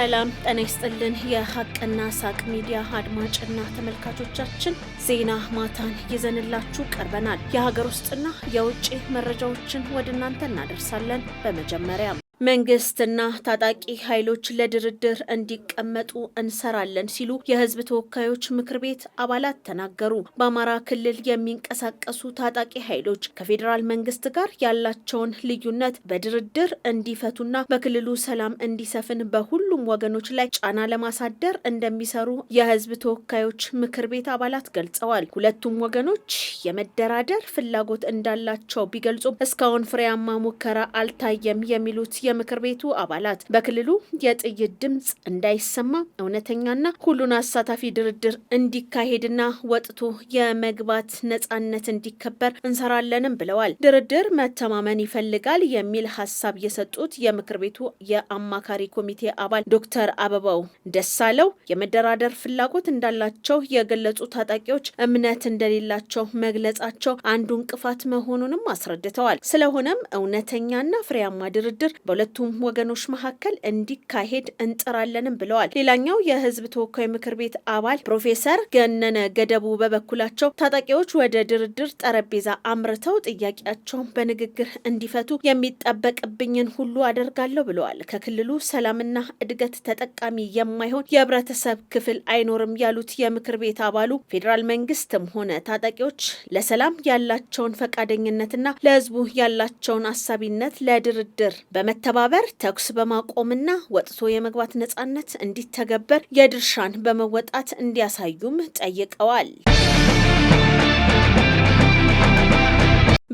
ሰላም ጤና ይስጥልን። የሀቅና ሳቅ ሚዲያ አድማጭና ተመልካቾቻችን ዜና ማታን ይዘንላችሁ ቀርበናል። የሀገር ውስጥና የውጭ መረጃዎችን ወደ እናንተ እናደርሳለን። በመጀመሪያ መንግስትና ታጣቂ ኃይሎች ለድርድር እንዲቀመጡ እንሰራለን ሲሉ የህዝብ ተወካዮች ምክር ቤት አባላት ተናገሩ። በአማራ ክልል የሚንቀሳቀሱ ታጣቂ ኃይሎች ከፌዴራል መንግስት ጋር ያላቸውን ልዩነት በድርድር እንዲፈቱና በክልሉ ሰላም እንዲሰፍን በሁሉም ወገኖች ላይ ጫና ለማሳደር እንደሚሰሩ የህዝብ ተወካዮች ምክር ቤት አባላት ገልጸዋል። ሁለቱም ወገኖች የመደራደር ፍላጎት እንዳላቸው ቢገልጹም እስካሁን ፍሬያማ ሙከራ አልታየም የሚሉት የምክር ቤቱ አባላት በክልሉ የጥይት ድምፅ እንዳይሰማ እውነተኛና ሁሉን አሳታፊ ድርድር እንዲካሄድና ወጥቶ የመግባት ነጻነት እንዲከበር እንሰራለንም ብለዋል። ድርድር መተማመን ይፈልጋል የሚል ሀሳብ የሰጡት የምክር ቤቱ የአማካሪ ኮሚቴ አባል ዶክተር አበባው ደሳለው የመደራደር ፍላጎት እንዳላቸው የገለጹ ታጣቂዎች እምነት እንደሌላቸው መግለጻቸው አንዱ እንቅፋት መሆኑንም አስረድተዋል። ስለሆነም እውነተኛና ፍሬያማ ድርድር በሁለቱም ወገኖች መካከል እንዲካሄድ እንጥራለንም ብለዋል። ሌላኛው የህዝብ ተወካይ ምክር ቤት አባል ፕሮፌሰር ገነነ ገደቡ በበኩላቸው ታጣቂዎች ወደ ድርድር ጠረጴዛ አምርተው ጥያቄያቸውን በንግግር እንዲፈቱ የሚጠበቅብኝን ሁሉ አደርጋለሁ ብለዋል። ከክልሉ ሰላምና እድገት ተጠቃሚ የማይሆን የህብረተሰብ ክፍል አይኖርም ያሉት የምክር ቤት አባሉ ፌዴራል መንግስትም ሆነ ታጣቂዎች ለሰላም ያላቸውን ፈቃደኝነትና ለህዝቡ ያላቸውን አሳቢነት ለድርድር በመታ በመተባበር ተኩስ በማቆምና ወጥቶ የመግባት ነጻነት እንዲተገበር የድርሻን በመወጣት እንዲያሳዩም ጠይቀዋል።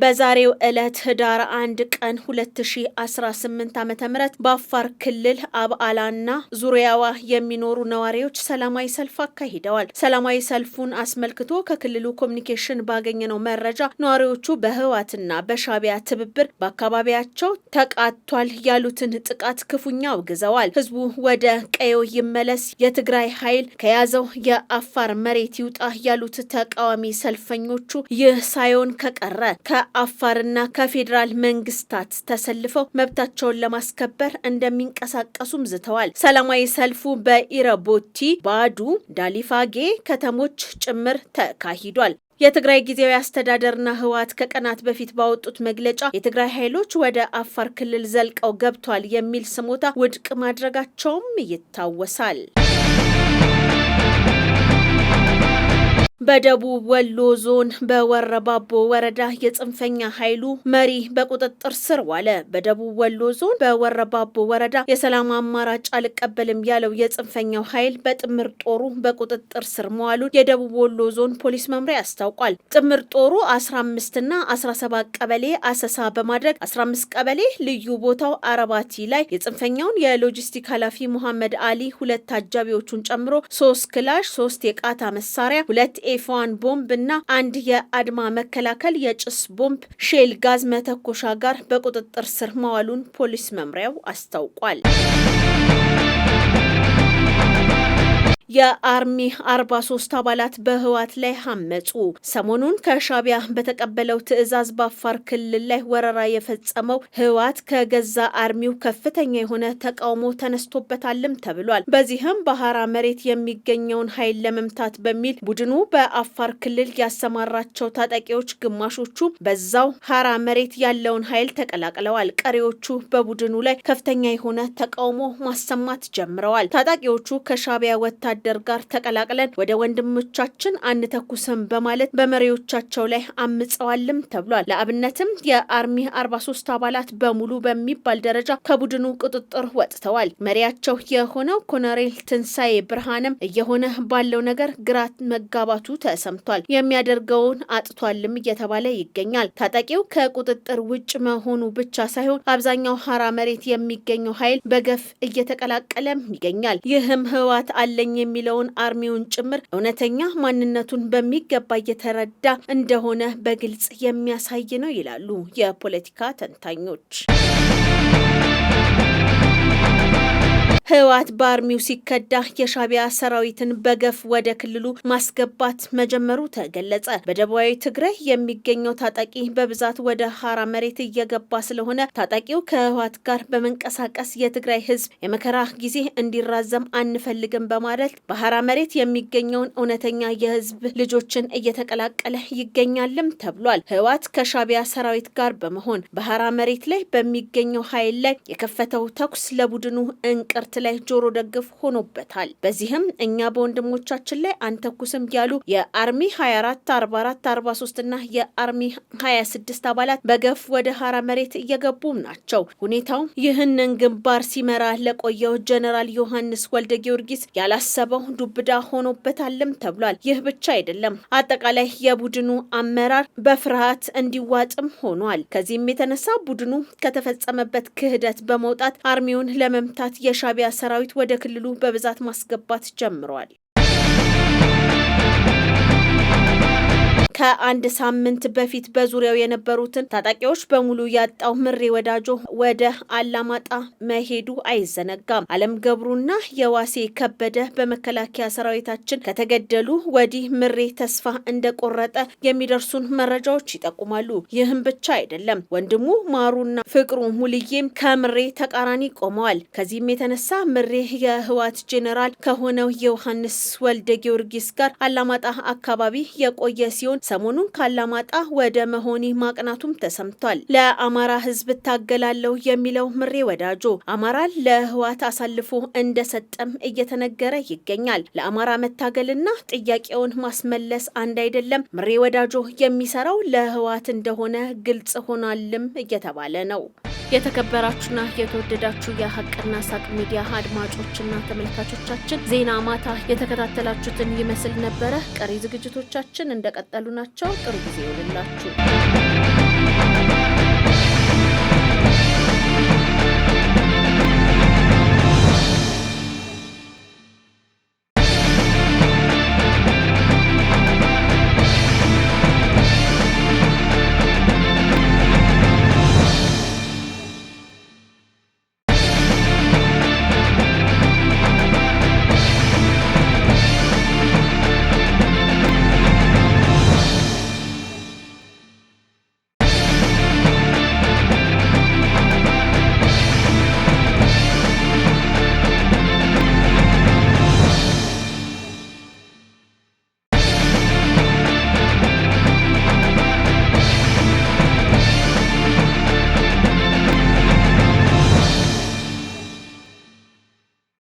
በዛሬው ዕለት ህዳር አንድ ቀን 2018 ዓ ም በአፋር ክልል አብዓላና ዙሪያዋ የሚኖሩ ነዋሪዎች ሰላማዊ ሰልፍ አካሂደዋል። ሰላማዊ ሰልፉን አስመልክቶ ከክልሉ ኮሚኒኬሽን ባገኘነው መረጃ ነዋሪዎቹ በህወሓትና በሻቢያ ትብብር በአካባቢያቸው ተቃቷል ያሉትን ጥቃት ክፉኛ አውግዘዋል። ህዝቡ ወደ ቀዮ ይመለስ፣ የትግራይ ኃይል ከያዘው የአፋር መሬት ይውጣ ያሉት ተቃዋሚ ሰልፈኞቹ ይህ ሳይሆን ከቀረ ከአፋርና ከፌዴራል መንግስታት ተሰልፈው መብታቸውን ለማስከበር እንደሚንቀሳቀሱም ዝተዋል። ሰላማዊ ሰልፉ በኢረቦቲ፣ ባዱ፣ ዳሊፋጌ ከተሞች ጭምር ተካሂዷል። የትግራይ ጊዜያዊ አስተዳደርና ህወሓት ከቀናት በፊት ባወጡት መግለጫ የትግራይ ኃይሎች ወደ አፋር ክልል ዘልቀው ገብቷል የሚል ስሞታ ውድቅ ማድረጋቸውም ይታወሳል። በደቡብ ወሎ ዞን በወረባቦ ወረዳ የጽንፈኛ ኃይሉ መሪ በቁጥጥር ስር ዋለ። በደቡብ ወሎ ዞን በወረባቦ ወረዳ የሰላም አማራጭ አልቀበልም ያለው የጽንፈኛው ኃይል በጥምር ጦሩ በቁጥጥር ስር መዋሉን የደቡብ ወሎ ዞን ፖሊስ መምሪያ አስታውቋል። ጥምር ጦሩ 15 እና 17 ቀበሌ አሰሳ በማድረግ 15 ቀበሌ ልዩ ቦታው አረባቲ ላይ የጽንፈኛውን የሎጂስቲክ ኃላፊ ሙሐመድ አሊ ሁለት አጃቢዎቹን ጨምሮ ሶስት ክላሽ፣ ሶስት የቃታ መሳሪያ፣ ሁለት የኤፍ ቦምብ እና አንድ የአድማ መከላከል የጭስ ቦምብ ሼል ጋዝ መተኮሻ ጋር በቁጥጥር ስር መዋሉን ፖሊስ መምሪያው አስታውቋል። የአርሚ 43 አባላት በህወሓት ላይ አመጹ። ሰሞኑን ከሻቢያ በተቀበለው ትዕዛዝ በአፋር ክልል ላይ ወረራ የፈጸመው ህወሓት ከገዛ አርሚው ከፍተኛ የሆነ ተቃውሞ ተነስቶበታልም ተብሏል። በዚህም በሀራ መሬት የሚገኘውን ኃይል ለመምታት በሚል ቡድኑ በአፋር ክልል ያሰማራቸው ታጣቂዎች ግማሾቹ በዛው ሀራ መሬት ያለውን ኃይል ተቀላቅለዋል። ቀሪዎቹ በቡድኑ ላይ ከፍተኛ የሆነ ተቃውሞ ማሰማት ጀምረዋል። ታጣቂዎቹ ከሻቢያ ወታ ወታደር ጋር ተቀላቅለን ወደ ወንድሞቻችን አንተኩስም በማለት በመሪዎቻቸው ላይ አምጸዋልም ተብሏል። ለአብነትም የአርሚ 43 አባላት በሙሉ በሚባል ደረጃ ከቡድኑ ቁጥጥር ወጥተዋል። መሪያቸው የሆነው ኮሎኔል ትንሳኤ ብርሃንም እየሆነ ባለው ነገር ግራ መጋባቱ ተሰምቷል። የሚያደርገውን አጥቷልም እየተባለ ይገኛል። ታጣቂው ከቁጥጥር ውጭ መሆኑ ብቻ ሳይሆን አብዛኛው ሀራ መሬት የሚገኘው ኃይል በገፍ እየተቀላቀለም ይገኛል። ይህም ህዋት አለኝ የሚለውን አርሚውን ጭምር እውነተኛ ማንነቱን በሚገባ እየተረዳ እንደሆነ በግልጽ የሚያሳይ ነው ይላሉ የፖለቲካ ተንታኞች። ህወሓት በአርሚው ሲከዳ የሻቢያ ሰራዊትን በገፍ ወደ ክልሉ ማስገባት መጀመሩ ተገለጸ። በደቡባዊ ትግራይ የሚገኘው ታጣቂ በብዛት ወደ ሀራ መሬት እየገባ ስለሆነ ታጣቂው ከህወሓት ጋር በመንቀሳቀስ የትግራይ ህዝብ የመከራ ጊዜ እንዲራዘም አንፈልግም በማለት በሀራ መሬት የሚገኘውን እውነተኛ የህዝብ ልጆችን እየተቀላቀለ ይገኛልም ተብሏል። ህወሓት ከሻቢያ ሰራዊት ጋር በመሆን በሀራ መሬት ላይ በሚገኘው ኃይል ላይ የከፈተው ተኩስ ለቡድኑ እንቅርት ላይ ጆሮ ደግፍ ሆኖበታል። በዚህም እኛ በወንድሞቻችን ላይ አንተኩስም ያሉ የአርሚ 24 44 43 እና የአርሚ 26 አባላት በገፍ ወደ ሀራ መሬት እየገቡም ናቸው። ሁኔታው ይህንን ግንባር ሲመራ ለቆየው ጀነራል ዮሐንስ ወልደ ጊዮርጊስ ያላሰበው ዱብዳ ሆኖበታልም ተብሏል። ይህ ብቻ አይደለም፣ አጠቃላይ የቡድኑ አመራር በፍርሃት እንዲዋጥም ሆኗል። ከዚህም የተነሳ ቡድኑ ከተፈጸመበት ክህደት በመውጣት አርሚውን ለመምታት የሻቢያ ሰራዊት ወደ ክልሉ በብዛት ማስገባት ጀምሯል ከአንድ ሳምንት በፊት በዙሪያው የነበሩትን ታጣቂዎች በሙሉ ያጣው ምሬ ወዳጆ ወደ አላማጣ መሄዱ አይዘነጋም። አለም ገብሩና የዋሴ ከበደ በመከላከያ ሰራዊታችን ከተገደሉ ወዲህ ምሬ ተስፋ እንደቆረጠ የሚደርሱን መረጃዎች ይጠቁማሉ። ይህም ብቻ አይደለም፣ ወንድሙ ማሩና ፍቅሩ ሙልዬም ከምሬ ተቃራኒ ቆመዋል። ከዚህም የተነሳ ምሬ የህዋት ጄኔራል ከሆነው የዮሐንስ ወልደ ጊዮርጊስ ጋር አላማጣ አካባቢ የቆየ ሲሆን ሰሞኑን ካላማጣ ወደ መሆኒ ማቅናቱም ተሰምቷል። ለአማራ ህዝብ እታገላለሁ የሚለው ምሬ ወዳጆ አማራን ለህዋት አሳልፎ እንደሰጠም እየተነገረ ይገኛል። ለአማራ መታገልና ጥያቄውን ማስመለስ አንድ አይደለም፣ ምሬ ወዳጆ የሚሰራው ለህዋት እንደሆነ ግልጽ ሆኗልም እየተባለ ነው። የተከበራችሁና የተወደዳችሁ የሀቅና ሳቅ ሚዲያ አድማጮችና ተመልካቾቻችን ዜና ማታ የተከታተላችሁትን ይመስል ነበረ። ቀሪ ዝግጅቶቻችን እንደቀጠሉ ናቸው። ጥሩ ጊዜ ይውልላችሁ።